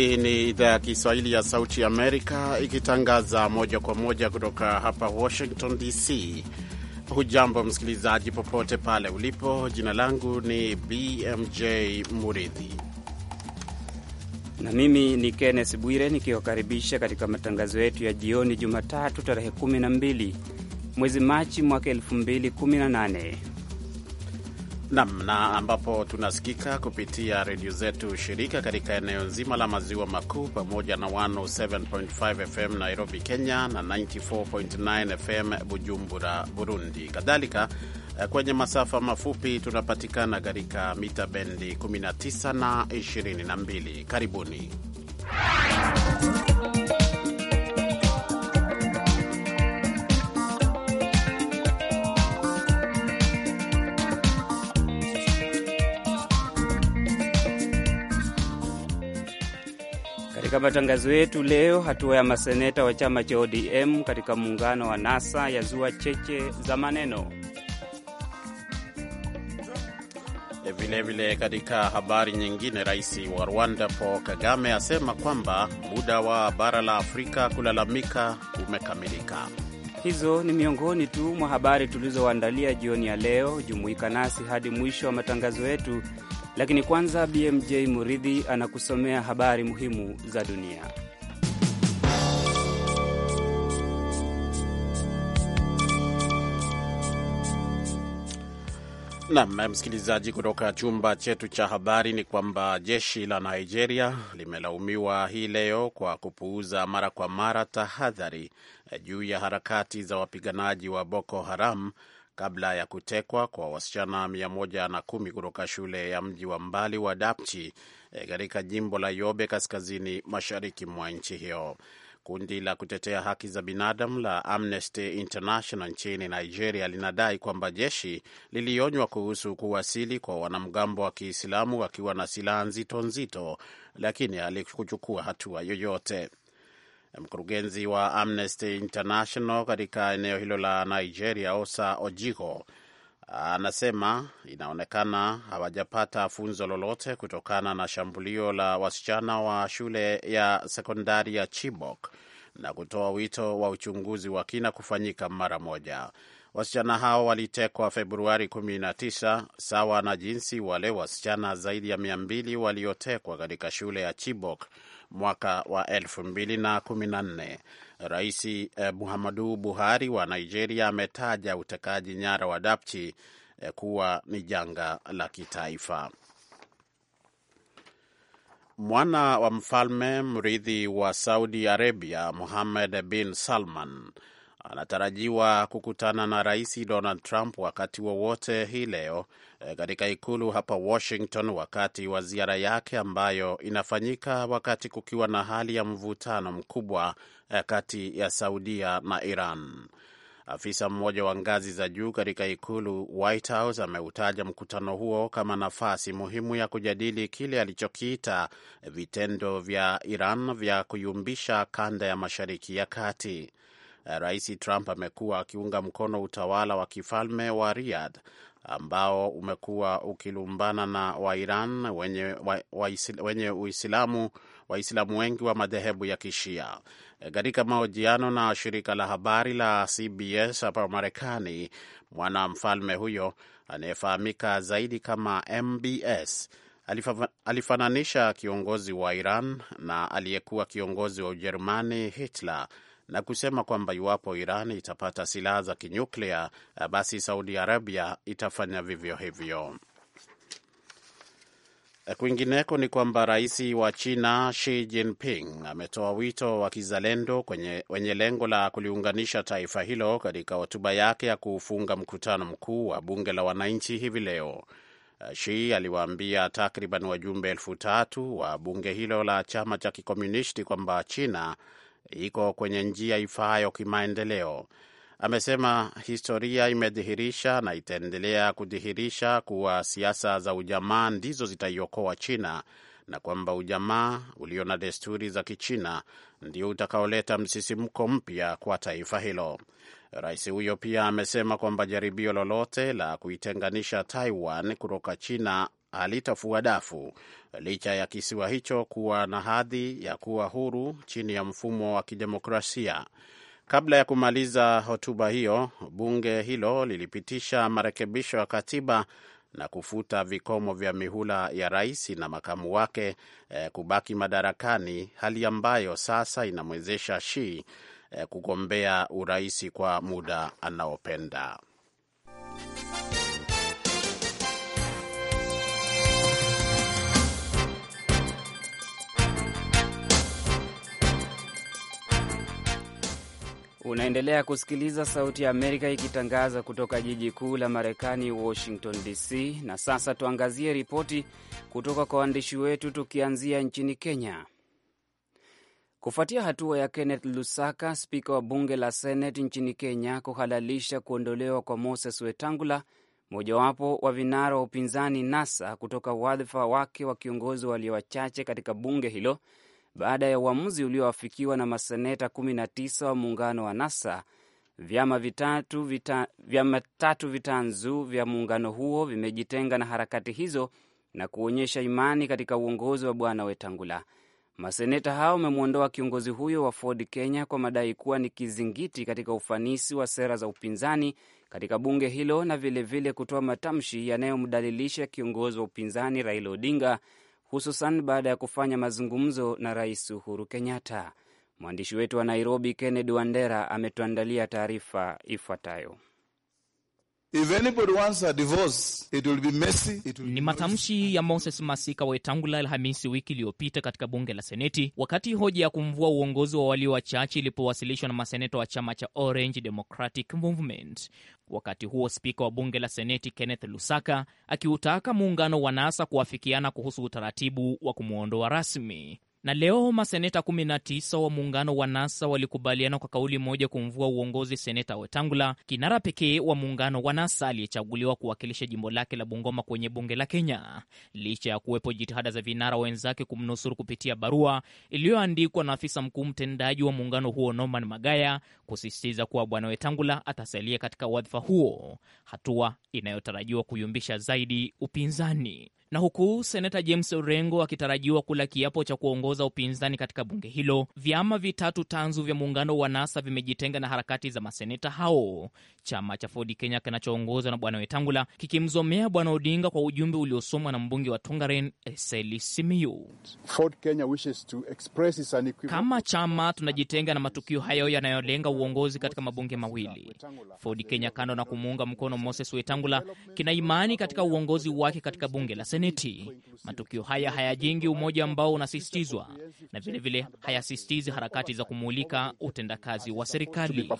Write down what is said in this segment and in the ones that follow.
Hii ni idhaa ya Kiswahili ya Sauti Amerika ikitangaza moja kwa moja kutoka hapa Washington DC. Hujambo msikilizaji, popote pale ulipo. Jina langu ni BMJ Muridhi na mimi ni kennes Bwire nikiwakaribisha katika matangazo yetu ya jioni, Jumatatu tarehe 12 mwezi Machi mwaka 2018 nam na ambapo tunasikika kupitia redio zetu shirika katika eneo nzima la maziwa makuu pamoja na 107.5 FM Nairobi, Kenya na 94.9 FM Bujumbura, Burundi. Kadhalika eh, kwenye masafa mafupi tunapatikana katika mita bendi 19 na 22. Karibuni Katika matangazo yetu leo, hatua ya maseneta wa chama cha ODM katika muungano wa NASA yazua cheche za maneno. Vilevile, katika habari nyingine, rais wa Rwanda Paul Kagame asema kwamba muda wa bara la Afrika kulalamika umekamilika. Hizo ni miongoni tu mwa habari tulizoandalia jioni ya leo. Jumuika nasi hadi mwisho wa matangazo yetu lakini kwanza BMJ Muridhi anakusomea habari muhimu za dunia. Nam msikilizaji, kutoka chumba chetu cha habari ni kwamba jeshi la Nigeria limelaumiwa hii leo kwa kupuuza mara kwa mara tahadhari juu ya harakati za wapiganaji wa Boko Haram kabla ya kutekwa kwa wasichana 110 kutoka shule ya mji wa mbali wa Dapchi eh, katika jimbo la Yobe kaskazini mashariki mwa nchi hiyo. Kundi la kutetea haki za binadamu la Amnesty International nchini Nigeria linadai kwamba jeshi lilionywa kuhusu kuwasili kwa wanamgambo wa Kiislamu wakiwa na silaha nzito nzito, lakini halikuchukua hatua yoyote. Mkurugenzi wa Amnesty International katika eneo hilo la Nigeria, Osa Ojiho, anasema inaonekana hawajapata funzo lolote kutokana na shambulio la wasichana wa shule ya sekondari ya Chibok na kutoa wito wa uchunguzi wa kina kufanyika mara moja. Wasichana hao walitekwa Februari 19 sawa na jinsi wale wasichana zaidi ya 200 waliotekwa katika shule ya Chibok mwaka wa 2014. Rais eh, Muhammadu Buhari wa Nigeria ametaja utekaji nyara wa Dapchi eh, kuwa ni janga la kitaifa. Mwana wa mfalme mrithi wa Saudi Arabia Muhammad bin Salman anatarajiwa kukutana na Rais Donald Trump wakati wowote wa hii leo eh, katika ikulu hapa Washington, wakati wa ziara yake ambayo inafanyika wakati kukiwa na hali ya mvutano mkubwa eh, kati ya Saudia na Iran. Afisa mmoja wa ngazi za juu katika ikulu White House ameutaja mkutano huo kama nafasi muhimu ya kujadili kile alichokiita vitendo vya Iran vya kuyumbisha kanda ya Mashariki ya Kati. Eh, Rais Trump amekuwa akiunga mkono utawala wa kifalme wa Riyadh ambao umekuwa ukilumbana na Wairan wenye, wa, wa wenye Uislamu Waislamu wengi wa madhehebu ya Kishia. Eh, katika mahojiano na shirika la habari la CBS hapa Marekani, mwanamfalme huyo anayefahamika zaidi kama MBS alifananisha kiongozi wa Iran na aliyekuwa kiongozi wa Ujerumani Hitler na kusema kwamba iwapo Iran itapata silaha za kinyuklia, eh, basi Saudi Arabia itafanya vivyo hivyo. Eh, kwingineko ni kwamba rais wa China Xi Jinping ametoa wito wa kizalendo kwenye, wenye lengo la kuliunganisha taifa hilo katika hotuba yake ya kuufunga mkutano mkuu wa bunge la wananchi hivi leo. Shi eh, aliwaambia takriban wajumbe elfu tatu wa bunge hilo la chama cha kikomunisti kwamba China iko kwenye njia ifaayo kimaendeleo. Amesema historia imedhihirisha na itaendelea kudhihirisha kuwa siasa za ujamaa ndizo zitaiokoa China na kwamba ujamaa ulio na desturi za Kichina ndio utakaoleta msisimko mpya kwa taifa hilo. Rais huyo pia amesema kwamba jaribio lolote la kuitenganisha Taiwan kutoka China alitafua dafu licha ya kisiwa hicho kuwa na hadhi ya kuwa huru chini ya mfumo wa kidemokrasia. Kabla ya kumaliza hotuba hiyo, bunge hilo lilipitisha marekebisho ya katiba na kufuta vikomo vya mihula ya rais na makamu wake eh, kubaki madarakani, hali ambayo sasa inamwezesha Shi eh, kugombea urais kwa muda anaopenda. Unaendelea kusikiliza Sauti ya Amerika ikitangaza kutoka jiji kuu la Marekani, Washington DC. Na sasa tuangazie ripoti kutoka kwa waandishi wetu, tukianzia nchini Kenya. Kufuatia hatua ya Kenneth Lusaka, spika wa bunge la Seneti nchini Kenya, kuhalalisha kuondolewa kwa Moses Wetangula, mojawapo wa vinara wa upinzani NASA, kutoka wadhifa wake wa kiongozi walio wachache katika bunge hilo baada ya uamuzi ulioafikiwa na maseneta 19 wa muungano wa NASA. Vyama vitatu vita, vyama tatu vitanzu vya muungano huo vimejitenga na harakati hizo na kuonyesha imani katika uongozi wa Bwana Wetangula. Maseneta hao wamemwondoa kiongozi huyo wa Ford Kenya kwa madai kuwa ni kizingiti katika ufanisi wa sera za upinzani katika bunge hilo na vilevile kutoa matamshi yanayomdalilisha kiongozi wa upinzani Raila Odinga hususan baada ya kufanya mazungumzo na Rais Uhuru Kenyatta. Mwandishi wetu wa Nairobi, Kennedy Wandera, ametuandalia taarifa ifuatayo. If anybody wants a divorce, it will be messy, it will Ni matamshi ya Moses Masika Wetangula Alhamisi wiki iliyopita katika bunge la Seneti wakati hoja ya kumvua uongozi wa walio wachache ilipowasilishwa na maseneta wa chama cha Orange Democratic Movement. Wakati huo spika wa bunge la Seneti Kenneth Lusaka akiutaka muungano wa NASA kuafikiana kuhusu utaratibu wa kumwondoa rasmi. Na leo maseneta 19 wa muungano wa NASA walikubaliana kwa kauli moja kumvua uongozi seneta Wetangula, kinara pekee wa muungano wa NASA aliyechaguliwa kuwakilisha jimbo lake la Bungoma kwenye bunge la Kenya, licha ya kuwepo jitihada za vinara wenzake kumnusuru kupitia barua iliyoandikwa na afisa mkuu mtendaji wa muungano huo Norman Magaya kusisitiza kuwa bwana Wetangula atasalia katika wadhifa huo, hatua inayotarajiwa kuyumbisha zaidi upinzani na huku seneta James Orengo akitarajiwa kula kiapo cha kuongoza upinzani katika bunge hilo, vyama vitatu tanzu vya muungano wa NASA vimejitenga na harakati za maseneta hao, chama cha Ford Kenya kinachoongozwa na Bwana Wetangula kikimzomea Bwana Odinga kwa ujumbe uliosomwa na mbunge wa Tongaren Eseli Simiyu. Kama chama tunajitenga na matukio hayo yanayolenga uongozi katika mabunge mawili. Ford Kenya, kando na kumuunga mkono Moses Wetangula, kina imani katika uongozi wake katika bunge la seneti. Matukio haya hayajengi umoja ambao unasisitizwa na vilevile hayasisitizi harakati za kumulika utendakazi wa serikali.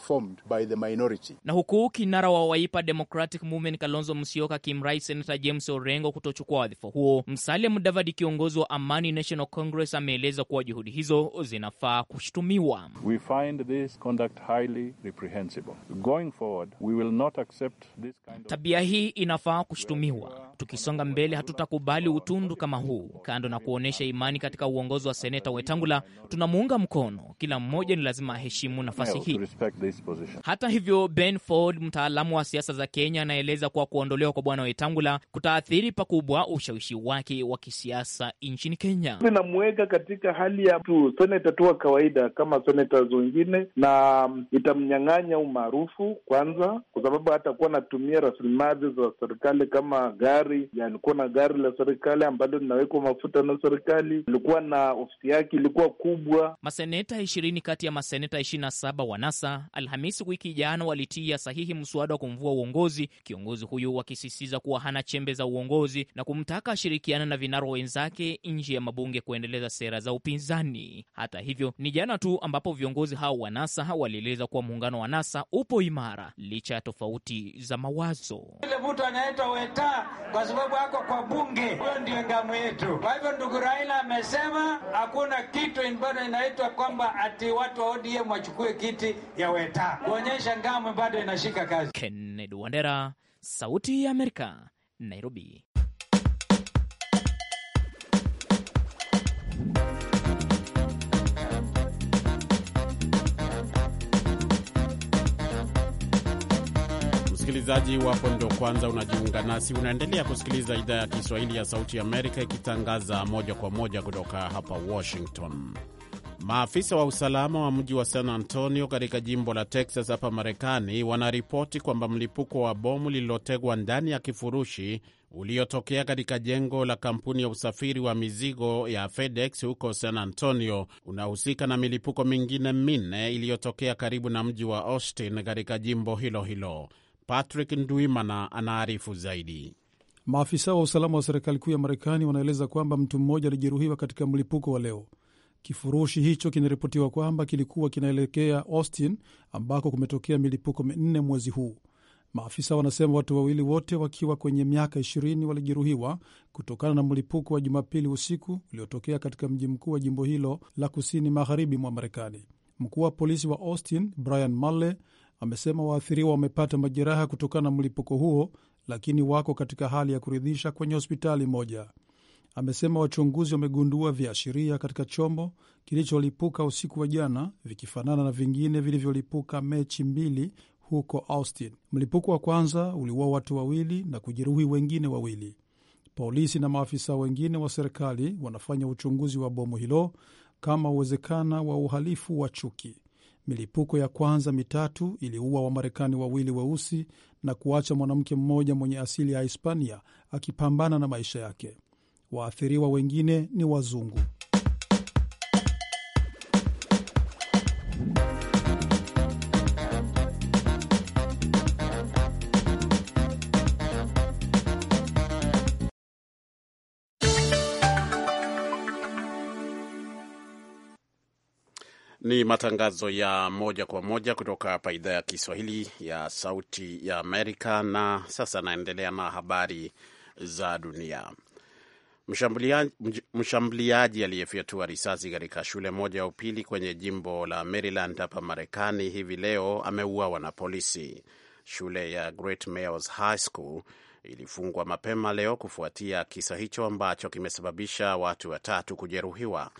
Na huku kinara wa waipa Democratic Movement Kalonzo Musyoka kimrai senata James Orengo kutochukua wadhifa huo, Musalia Mudavadi, kiongozi wa Amani National Congress, ameeleza kuwa juhudi hizo zinafaa kushutumiwa. We find this conduct highly reprehensible. Going forward, we will not accept this kind of... tabia hii inafaa kushutumiwa. Tukisonga mbele hatuta hakubali utundu kama huu. Kando na kuonyesha imani katika uongozi wa Seneta Wetangula, tunamuunga mkono. Kila mmoja ni lazima aheshimu nafasi hii. Hata hivyo, Ben Ford, mtaalamu wa siasa za Kenya, anaeleza kuwa kuondolewa kwa Bwana Wetangula kutaathiri pakubwa ushawishi wake wa kisiasa nchini Kenya. Inamuweka katika hali ya tu seneta tu wa kawaida kama seneta wengine, na um, itamnyang'anya umaarufu kwanza, kwa sababu hatakuwa anatumia rasilimali za serikali kama gari, yani kuwa na gari la serikali ambalo linawekwa mafuta na serikali, ilikuwa na ofisi yake ilikuwa kubwa. Maseneta ishirini kati ya maseneta ishirini na saba wa NASA Alhamisi wiki jana walitia sahihi mswada wa kumvua uongozi kiongozi huyu, wakisisitiza kuwa hana chembe za uongozi na kumtaka ashirikiana na vinara wenzake nje ya mabunge kuendeleza sera za upinzani. Hata hivyo, ni jana tu ambapo viongozi hao wa NASA walieleza kuwa muungano wa NASA upo imara licha ya tofauti za mawazo. Ile mtu Weta kwa sababu kwa bunge. Hiyo ndio ngamu yetu. Kwa hivyo ndugu Raila amesema hakuna kitu bado inaitwa kwamba ati watu wa ODM wachukue kiti ya weta, kuonyesha ngamu bado inashika kazi. Kennedy Wandera, Sauti ya Amerika, Nairobi. msikilizaji wapo ndo kwanza unajiunga nasi, unaendelea kusikiliza idhaa ya Kiswahili ya Sauti ya Amerika ikitangaza moja kwa moja kutoka hapa Washington. Maafisa wa usalama wa mji wa San Antonio katika jimbo la Texas hapa Marekani wanaripoti kwamba mlipuko wa bomu lililotegwa ndani ya kifurushi uliotokea katika jengo la kampuni ya usafiri wa mizigo ya FedEx huko San Antonio unahusika na milipuko mingine minne iliyotokea karibu na mji wa Austin katika jimbo hilo hilo. Patrick Ndwimana anaarifu zaidi. Maafisa wa usalama wa serikali kuu ya Marekani wanaeleza kwamba mtu mmoja alijeruhiwa katika mlipuko wa leo. Kifurushi hicho kinaripotiwa kwamba kilikuwa kinaelekea Austin ambako kumetokea milipuko minne mwezi huu. Maafisa wanasema watu wawili wote wakiwa kwenye miaka 20 walijeruhiwa kutokana na mlipuko wa Jumapili usiku uliotokea katika mji mkuu wa jimbo hilo la kusini magharibi mwa Marekani. Mkuu wa polisi wa Austin Brian Malley amesema waathiriwa wamepata majeraha kutokana na mlipuko huo, lakini wako katika hali ya kuridhisha kwenye hospitali moja. Amesema wachunguzi wamegundua viashiria katika chombo kilicholipuka usiku wa jana, vikifanana na vingine vilivyolipuka Mechi mbili huko Austin. Mlipuko wa kwanza uliua watu wawili na kujeruhi wengine wawili. Polisi na maafisa wengine wa serikali wanafanya uchunguzi wa bomu hilo kama uwezekana wa uhalifu wa chuki. Milipuko ya kwanza mitatu iliua Wamarekani wawili weusi na kuacha mwanamke mmoja mwenye asili ya Hispania akipambana na maisha yake. Waathiriwa wengine ni wazungu. Ni matangazo ya moja kwa moja kutoka hapa idhaa ya Kiswahili ya Sauti ya Amerika. Na sasa naendelea na habari za dunia. Mshambuliaji aliyefyatua risasi katika shule moja ya upili kwenye jimbo la Maryland hapa Marekani hivi leo ameuawa na polisi. Shule ya Great Mills High School ilifungwa mapema leo kufuatia kisa hicho ambacho kimesababisha watu watatu kujeruhiwa.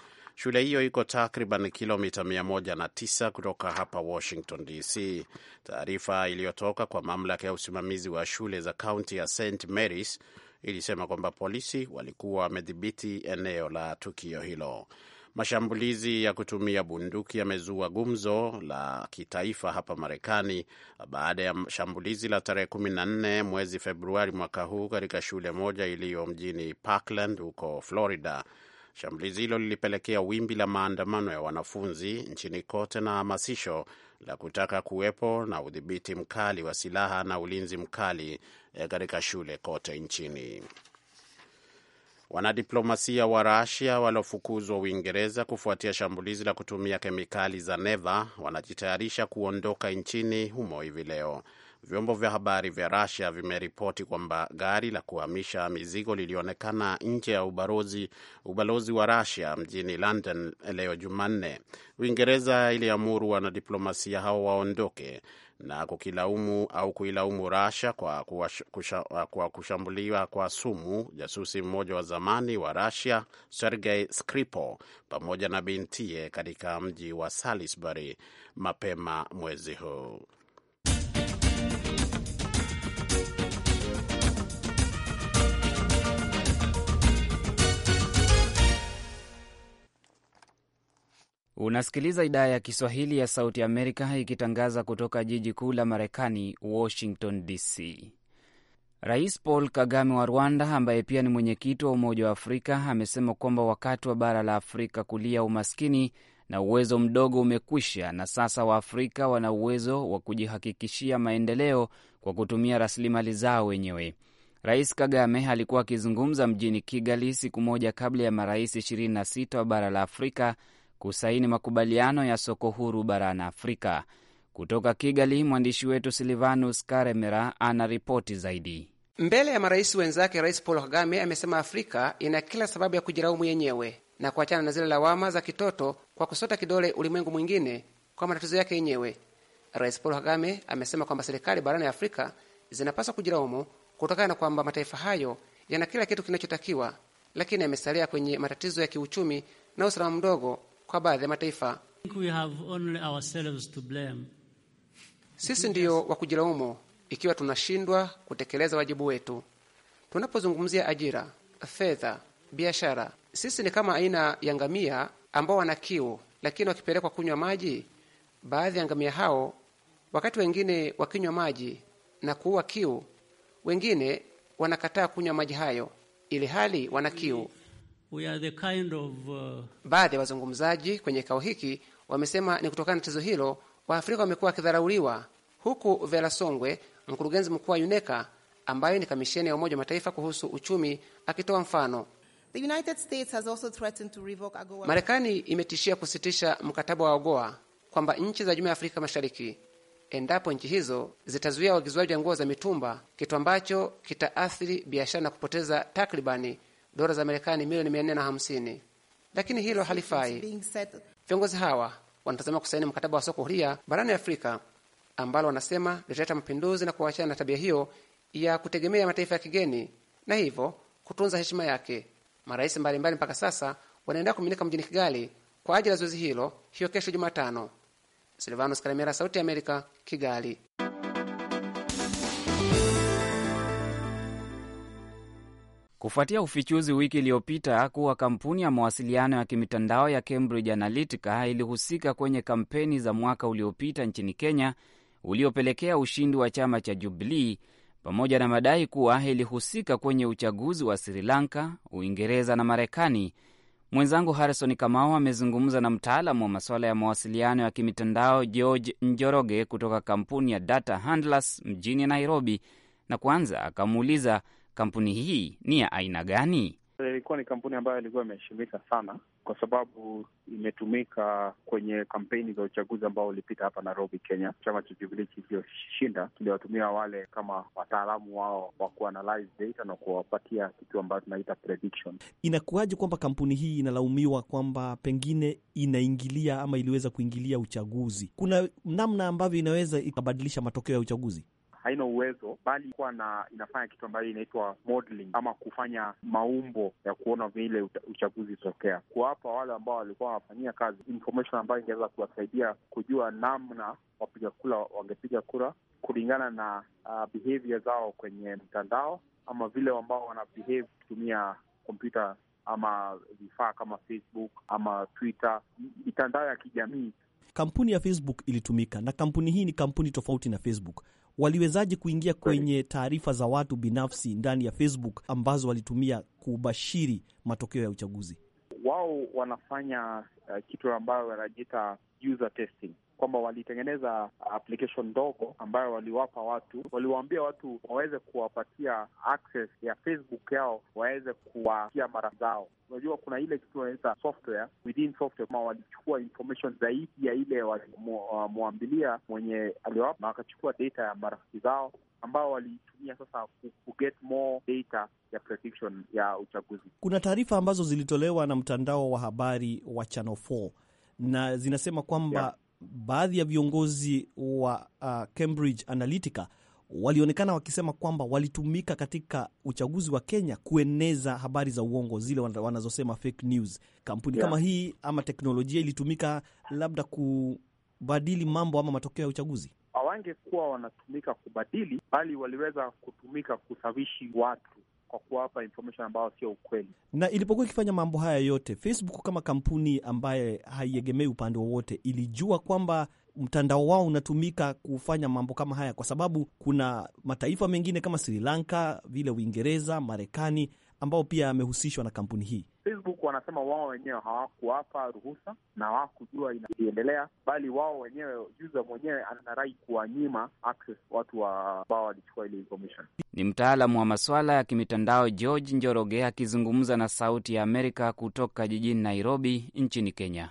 Shule hiyo iko takriban kilomita 109 kutoka hapa Washington DC. Taarifa iliyotoka kwa mamlaka ya usimamizi wa shule za kaunti ya St Marys ilisema kwamba polisi walikuwa wamedhibiti eneo la tukio hilo. Mashambulizi ya kutumia bunduki yamezua gumzo la kitaifa hapa Marekani baada ya shambulizi la tarehe nne mwezi Februari mwaka huu katika shule moja iliyo mjini Parkland huko Florida Shambulizi hilo lilipelekea wimbi la maandamano ya wanafunzi nchini kote na hamasisho la kutaka kuwepo na udhibiti mkali wa silaha na ulinzi mkali eh, katika shule kote nchini. Wanadiplomasia wa Rasia waliofukuzwa Uingereza kufuatia shambulizi la kutumia kemikali za neva wanajitayarisha kuondoka nchini humo hivi leo. Vyombo vya habari vya Russia vimeripoti kwamba gari la kuhamisha mizigo lilionekana nje ya ubalozi, ubalozi wa Russia mjini London leo Jumanne. Uingereza iliamuru wanadiplomasia hao waondoke na kukilaumu au kuilaumu Russia kwa kusha, kwa kushambuliwa kwa sumu jasusi mmoja wa zamani wa Russia Sergei Skripal pamoja na bintie katika mji wa Salisbury mapema mwezi huu. Unasikiliza idhaa ya Kiswahili ya Sauti Amerika ikitangaza kutoka jiji kuu la Marekani, Washington DC. Rais Paul Kagame wa Rwanda, ambaye pia ni mwenyekiti wa Umoja wa Afrika, amesema kwamba wakati wa bara la Afrika kulia umaskini na uwezo mdogo umekwisha na sasa Waafrika wana uwezo wa kujihakikishia maendeleo kwa kutumia rasilimali zao wenyewe. Rais Kagame alikuwa akizungumza mjini Kigali siku moja kabla ya marais 26 wa bara la Afrika kusaini makubaliano ya soko huru barani Afrika. Kutoka Kigali, mwandishi wetu Silvanus Karemera ana ripoti zaidi. Mbele ya marais wenzake, Rais Paul Kagame amesema Afrika ina kila sababu ya kujiraumu yenyewe na kuachana na zile lawama za kitoto kwa kusota kidole ulimwengu mwingine kwa matatizo yake yenyewe. Rais Paul Kagame amesema kwamba serikali barani Afrika zinapaswa kujiraumu kutokana na kwamba mataifa hayo yana kila kitu kinachotakiwa, lakini amesalia kwenye matatizo ya kiuchumi na usalama mdogo kwa baadhi ya mataifa. Sisi ndiyo wa kujilaumu ikiwa tunashindwa kutekeleza wajibu wetu. Tunapozungumzia ajira, fedha, biashara, sisi ni kama aina ya ngamia ambao wana kiu, lakini wakipelekwa kunywa maji, baadhi ya ngamia hao wakati wengine wakinywa maji na kuua kiu, wengine wanakataa kunywa maji hayo ili hali wana kiu kind of, uh... baadhi ya wazungumzaji kwenye kikao hiki wamesema ni kutokana na tatizo hilo Waafrika wamekuwa wakidharauliwa, huku vela Songwe, mkurugenzi mkuu wa UNECA ambayo ni kamisheni ya Umoja wa Mataifa kuhusu uchumi, akitoa mfano. Marekani imetishia kusitisha mkataba wa AGOA kwamba nchi za Jumuiya ya Afrika Mashariki endapo nchi hizo zitazuia uagizwaji wa nguo za mitumba, kitu ambacho kitaathiri biashara na kupoteza takribani dola za Marekani milioni mia nne na hamsini, lakini hilo halifai. Viongozi hawa wanatazama kusaini mkataba wa soko huria barani Afrika ambalo wanasema litaleta mapinduzi na kuachana na tabia hiyo ya kutegemea mataifa ya kigeni na hivyo kutunza heshima yake. Marais mbalimbali mpaka sasa wanaendelea kuminika mjini Kigali kwa ajili ya zoezi hilo hiyo kesho Jumatano. Silvanus Kalemera, Sauti ya Amerika, Kigali. kufuatia ufichuzi wiki iliyopita kuwa kampuni ya mawasiliano ya kimitandao ya Cambridge Analytica ilihusika kwenye kampeni za mwaka uliopita nchini Kenya uliopelekea ushindi wa chama cha Jubilee pamoja na madai kuwa ilihusika kwenye uchaguzi wa Sri Lanka, Uingereza na Marekani. Mwenzangu Harrison Kamau amezungumza na mtaalamu wa masuala ya mawasiliano ya kimitandao George Njoroge kutoka kampuni ya Data Handlers mjini Nairobi, na kwanza akamuuliza Kampuni hii ni ya aina gani? Ilikuwa ni kampuni ambayo ilikuwa imeheshimika sana kwa sababu imetumika kwenye kampeni za uchaguzi ambao ulipita hapa Nairobi, Kenya. Chama cha Jubilee kiliyoshinda kiliwatumia wale kama wataalamu wao wa kuanalyze data na kuwapatia kitu ambayo tunaita prediction. Inakuwaje kwamba kampuni hii inalaumiwa kwamba pengine inaingilia ama iliweza kuingilia uchaguzi? Kuna namna ambavyo inaweza ikabadilisha matokeo ya uchaguzi? haina uwezo, bali kuwa na inafanya kitu ambayo inaitwa modeling ama kufanya maumbo ya kuona vile uchaguzi tokea, kuwapa wale ambao walikuwa wanafanyia kazi information ambayo ingeweza kuwasaidia kujua namna wapiga kura wangepiga kura kulingana na uh, behavior zao kwenye mtandao ama vile ambao wana behave kutumia kompyuta ama vifaa kama Facebook ama Twitter, mitandao ya kijamii. Kampuni ya Facebook ilitumika na kampuni hii ni kampuni tofauti na Facebook waliwezaje kuingia kwenye taarifa za watu binafsi ndani ya Facebook ambazo walitumia kubashiri matokeo ya uchaguzi? Wao wanafanya uh, kitu ambayo wanajiita user testing kwamba walitengeneza application ndogo ambayo waliwapa watu, waliwaambia watu waweze kuwapatia access ya Facebook yao, waweze kuwafikia mara zao. Unajua, kuna ile kitu wanaita software within software, kama walichukua information zaidi ya ile walimwambilia mu, mwenye aliwapa, na wakachukua data ya marafiki zao ambao walitumia sasa ku get more data ya prediction ya uchaguzi. Kuna taarifa ambazo zilitolewa na mtandao wa habari wa Channel 4 na zinasema kwamba yeah baadhi ya viongozi wa uh, Cambridge Analytica walionekana wakisema kwamba walitumika katika uchaguzi wa Kenya kueneza habari za uongo zile wanazosema fake news. Kampuni yeah, kama hii ama teknolojia ilitumika labda kubadili mambo ama matokeo ya uchaguzi. Hawangekuwa wanatumika kubadili, bali waliweza kutumika kusawishi watu kwa kuwapa information ambayo sio ukweli. Na ilipokuwa ikifanya mambo haya yote, Facebook kama kampuni ambaye haiegemei upande wowote, ilijua kwamba mtandao wao unatumika kufanya mambo kama haya, kwa sababu kuna mataifa mengine kama Sri Lanka, vile Uingereza, Marekani ambao pia amehusishwa na kampuni hii. Facebook wanasema wao wenyewe hawakuwapa ruhusa na hawakujua inaendelea, bali wao wenyewe user mwenyewe ana rai kuwanyima access watu ambao walichukua ile information. Ni mtaalamu wa maswala ya kimitandao George Njoroge akizungumza na Sauti ya Amerika kutoka jijini Nairobi nchini Kenya.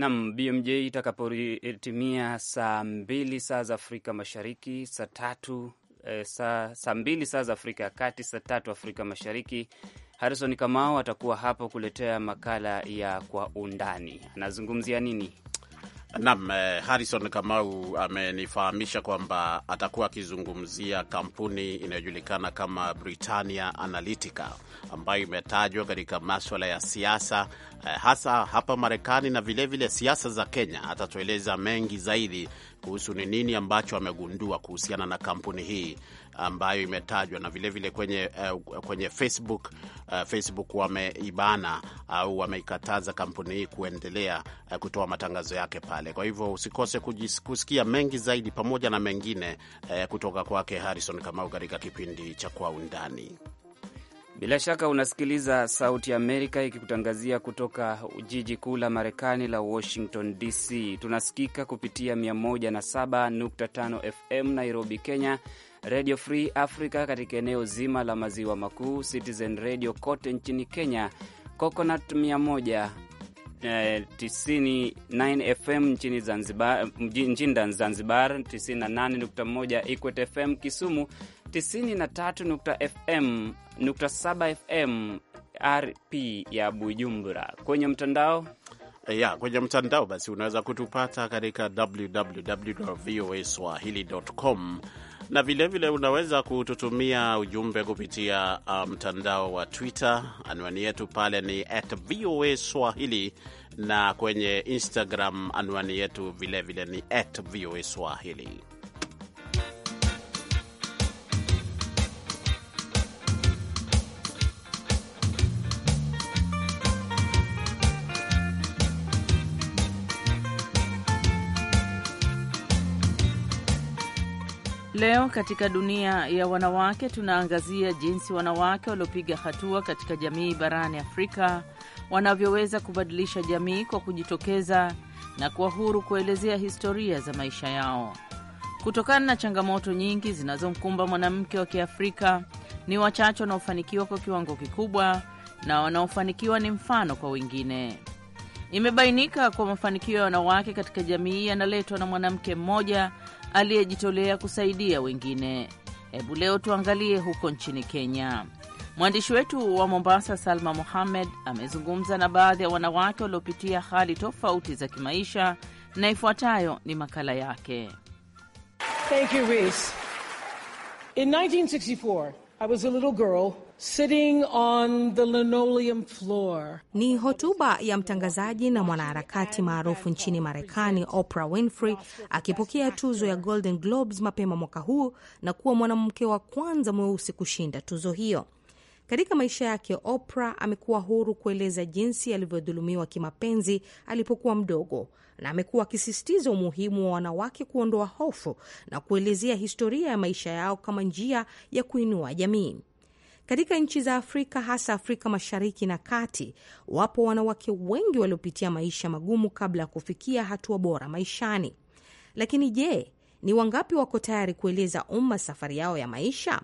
Nam BMJ itakapotimia saa mbili saa za Afrika Mashariki, saa tatu e, saa, saa mbili saa za Afrika ya Kati, saa tatu Afrika Mashariki. Harrison Kamau atakuwa hapo kuletea makala ya kwa undani. Anazungumzia nini? nam eh, Harrison Kamau amenifahamisha kwamba atakuwa akizungumzia kampuni inayojulikana kama Britannia Analytica ambayo imetajwa katika maswala ya siasa eh, hasa hapa Marekani na vilevile siasa za Kenya. Atatueleza mengi zaidi kuhusu ni nini ambacho amegundua kuhusiana na kampuni hii ambayo imetajwa na vilevile vile kwenye, uh, kwenye Facebook uh, Facebook wameibana au uh, wameikataza kampuni hii kuendelea uh, kutoa matangazo yake pale. Kwa hivyo usikose kusikia mengi zaidi pamoja na mengine uh, kutoka kwake Harrison Kamau katika kipindi cha Kwa Undani. Bila shaka unasikiliza Sauti Amerika ikikutangazia kutoka jiji kuu la Marekani la Washington DC. Tunasikika kupitia 107.5 FM Nairobi, Kenya Radio Free Africa katika eneo zima la maziwa makuu, Citizen Radio kote nchini Kenya, Coconut 199 eh, FM nchini Zanzibar, Zanzibar 98.1, Equity FM Kisumu 93.7 FM RP ya Bujumbura. Kwenye mtandao eh, ya kwenye mtandao basi, unaweza kutupata katika www voa swahili.com na vilevile vile unaweza kututumia ujumbe kupitia uh, mtandao um, wa Twitter. Anwani yetu pale ni at VOA Swahili, na kwenye Instagram anwani yetu vilevile vile ni at VOA Swahili. Leo katika dunia ya wanawake tunaangazia jinsi wanawake waliopiga hatua katika jamii barani Afrika wanavyoweza kubadilisha jamii kwa kujitokeza na kuwa huru kuelezea historia za maisha yao. Kutokana na changamoto nyingi zinazomkumba mwanamke wa Kiafrika, ni wachache wanaofanikiwa kwa kiwango kikubwa, na wanaofanikiwa ni mfano kwa wengine. Imebainika kwa mafanikio ya wanawake katika jamii yanaletwa na mwanamke mmoja aliyejitolea kusaidia wengine. Hebu leo tuangalie huko nchini Kenya. Mwandishi wetu wa Mombasa, Salma Mohamed, amezungumza na baadhi ya wanawake waliopitia hali tofauti za kimaisha, na ifuatayo ni makala yake. Thank you, Reese. In 1964, I was a little girl sitting on the linoleum floor. Ni hotuba ya mtangazaji na mwanaharakati maarufu nchini Marekani Oprah Winfrey akipokea tuzo ya Golden Globes mapema mwaka huu na kuwa mwanamke wa kwanza mweusi kushinda tuzo hiyo. Katika maisha yake Oprah amekuwa huru kueleza jinsi alivyodhulumiwa kimapenzi alipokuwa mdogo na amekuwa akisisitiza umuhimu wa wanawake kuondoa hofu na kuelezea historia ya maisha yao kama njia ya kuinua jamii. Katika nchi za Afrika hasa Afrika Mashariki na Kati, wapo wanawake wengi waliopitia maisha magumu kabla ya kufikia hatua bora maishani. Lakini je, ni wangapi wako tayari kueleza umma safari yao ya maisha?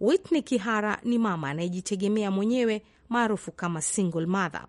Whitney Kihara ni mama anayejitegemea mwenyewe maarufu kama single mother.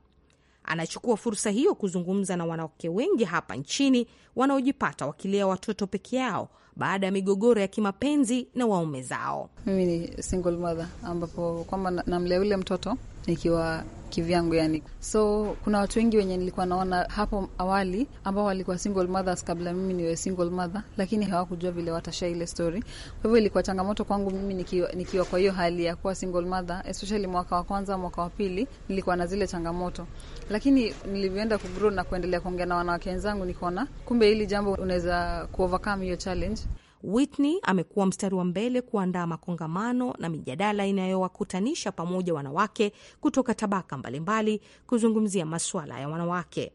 Anachukua fursa hiyo kuzungumza na wanawake wengi hapa nchini wanaojipata wakilea watoto peke yao baada ya migogoro ya kimapenzi na waume zao. Mimi ni single mother, ambapo kwamba namlea yule mtoto nikiwa kivyangu yani. So kuna watu wengi wenye nilikuwa naona hapo awali ambao walikuwa single mothers kabla mimi niwe single mother, lakini hawakujua vile watasha ile story. Kwa hivyo ilikuwa changamoto kwangu mimi nikiwa, nikiwa kwa hiyo hali ya kuwa single mother, especially mwaka wa kwanza, mwaka wa pili nilikuwa na zile changamoto. Lakini nilivyoenda kugrow na kuendelea kuongea na wanawake wenzangu, nikaona kumbe hili jambo unaweza kuovercome hiyo challenge. Whitney amekuwa mstari wa mbele kuandaa makongamano na mijadala inayowakutanisha pamoja wanawake kutoka tabaka mbalimbali kuzungumzia masuala ya wanawake,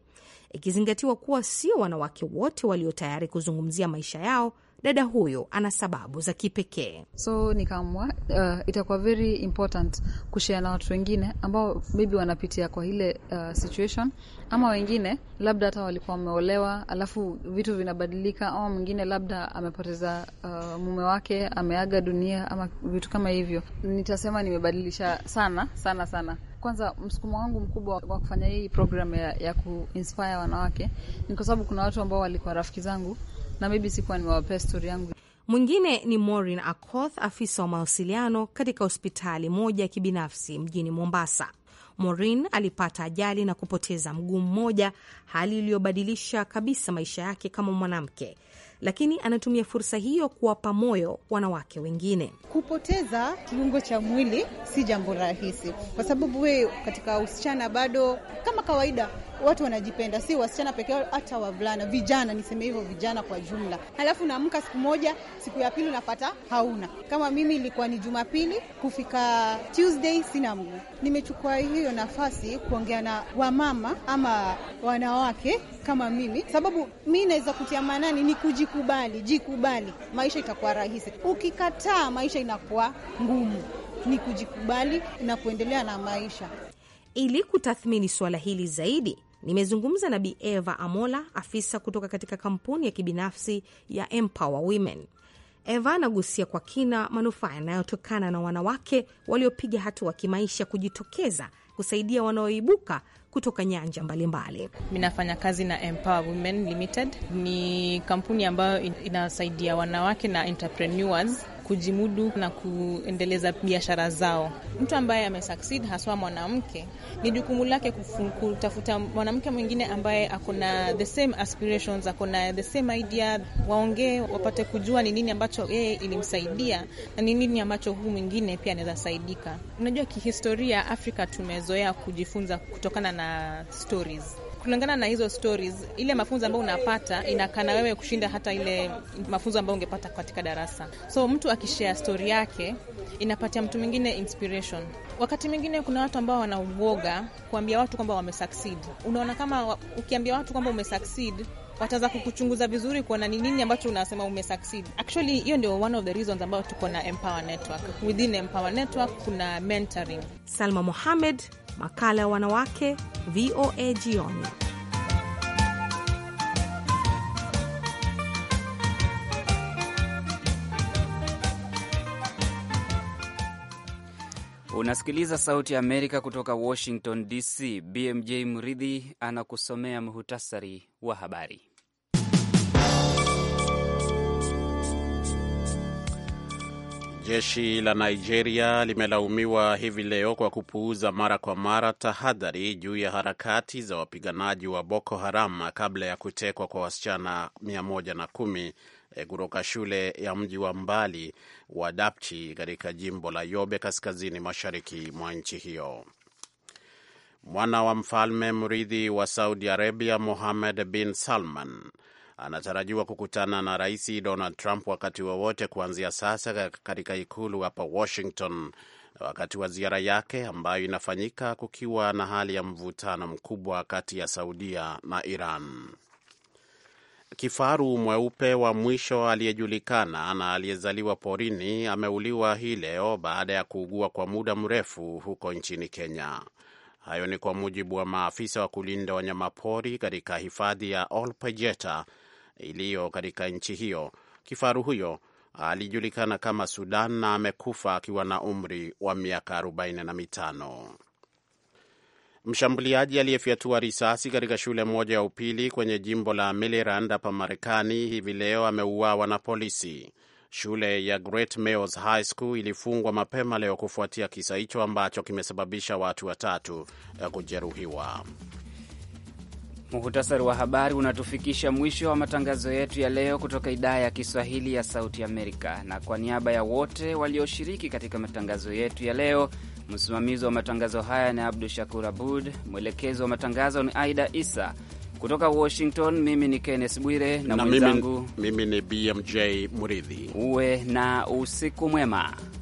ikizingatiwa kuwa sio wanawake wote walio tayari kuzungumzia maisha yao dada huyo ana sababu za kipekee. So nikaamua uh, itakuwa very important kushare na watu wengine ambao maybe wanapitia kwa ile uh, situation ama wengine labda hata walikuwa wameolewa, alafu vitu vinabadilika, ama mwingine labda amepoteza uh, mume wake, ameaga dunia ama vitu kama hivyo. Nitasema nimebadilisha sana sana sana. Kwanza msukumo wangu mkubwa wa kufanya hii program ya, ya kuinspire wanawake ni kwa sababu kuna watu ambao walikuwa rafiki zangu na maybe sikuwa nimewapea stori yangu. Mwingine ni morin Akoth, afisa wa mawasiliano katika hospitali moja ya kibinafsi mjini Mombasa. morin alipata ajali na kupoteza mguu mmoja, hali iliyobadilisha kabisa maisha yake kama mwanamke, lakini anatumia fursa hiyo kuwapa moyo wanawake wengine. Kupoteza kiungo cha mwili si jambo rahisi, kwa sababu we katika usichana bado kama kawaida watu wanajipenda, si wasichana peke yao, hata wavulana, vijana, niseme hivyo, vijana kwa jumla. Halafu naamka siku moja, siku ya pili unapata hauna. Kama mimi ilikuwa ni Jumapili kufika Tuesday sina mguu. Nimechukua hiyo nafasi kuongea na wamama ama wanawake kama mimi, sababu mi naweza kutia manani ni kujikubali. Jikubali, maisha itakuwa rahisi. Ukikataa, maisha inakuwa ngumu. Ni kujikubali na kuendelea na maisha. Ili kutathmini suala hili zaidi, Nimezungumza na Bi Eva Amola, afisa kutoka katika kampuni ya kibinafsi ya Empower Women. Eva anagusia kwa kina manufaa yanayotokana na wanawake waliopiga hatua kimaisha kujitokeza kusaidia wanaoibuka kutoka nyanja mbalimbali. Mi nafanya kazi na Empower Women Limited, ni kampuni ambayo inasaidia wanawake na entrepreneurs kujimudu na kuendeleza biashara zao. Mtu ambaye amesucceed haswa mwanamke, ni jukumu lake kutafuta mwanamke mwingine ambaye akona the same aspirations, akona the same idea, waongee wapate kujua ni nini ambacho yeye ilimsaidia na ni nini ambacho huu mwingine pia anaweza saidika. Unajua, kihistoria Afrika tumezoea kujifunza kutokana na stories kulingana na hizo stories, ile mafunzo ambayo unapata inakana wewe kushinda hata ile mafunzo ambayo ungepata katika darasa. So mtu akishare story yake inapatia mtu mwingine inspiration. Wakati mwingine kuna watu ambao wanauoga kuambia watu kwamba wamesucceed. Unaona kama ukiambia watu kwamba umesucceed wataanza kukuchunguza vizuri kuona ni nini ambacho unasema umesucceed. Actually, hiyo ndio one of the reasons ambayo tuko na Empower Network. Within Empower Network kuna mentoring. Salma Mohamed makala ya wanawake VOA jioni. Unasikiliza Sauti ya Amerika kutoka Washington DC. BMJ Mridhi anakusomea muhutasari wa habari. Jeshi la Nigeria limelaumiwa hivi leo kwa kupuuza mara kwa mara tahadhari juu ya harakati za wapiganaji wa Boko Haram kabla ya kutekwa kwa wasichana 110 eh, kutoka shule ya mji wa mbali wa Dapchi katika jimbo la Yobe kaskazini mashariki mwa nchi hiyo. Mwana wa mfalme mrithi wa Saudi Arabia Mohammed bin Salman anatarajiwa kukutana na Rais Donald Trump wakati wowote wa kuanzia sasa katika ikulu hapa Washington, wakati wa ziara yake ambayo inafanyika kukiwa na hali ya mvutano mkubwa kati ya Saudia na Iran. Kifaru mweupe wa mwisho aliyejulikana na aliyezaliwa porini ameuliwa hii leo baada ya kuugua kwa muda mrefu huko nchini Kenya. Hayo ni kwa mujibu wa maafisa wa kulinda wanyamapori katika hifadhi ya Olpejeta iliyo katika nchi hiyo. Kifaru huyo alijulikana kama Sudan na amekufa akiwa na umri wa miaka 45 Mshambuliaji aliyefyatua risasi katika shule moja ya upili kwenye jimbo la Maryland hapa Marekani hivi leo ameuawa na polisi. Shule ya Great Mills High School ilifungwa mapema leo kufuatia kisa hicho ambacho kimesababisha watu watatu eh, kujeruhiwa. Muhutasari wa habari unatufikisha mwisho wa matangazo yetu ya leo kutoka idhaa ya Kiswahili ya Sauti Amerika, na kwa niaba ya wote walioshiriki katika matangazo yetu ya leo, msimamizi wa matangazo haya ni Abdu Shakur Abud, mwelekezi wa matangazo ni Aida Isa. Kutoka Washington, mimi ni Kenneth Bwire na, na mwenzangu mimi, mimi ni BMJ Muridhi. Uwe na usiku mwema.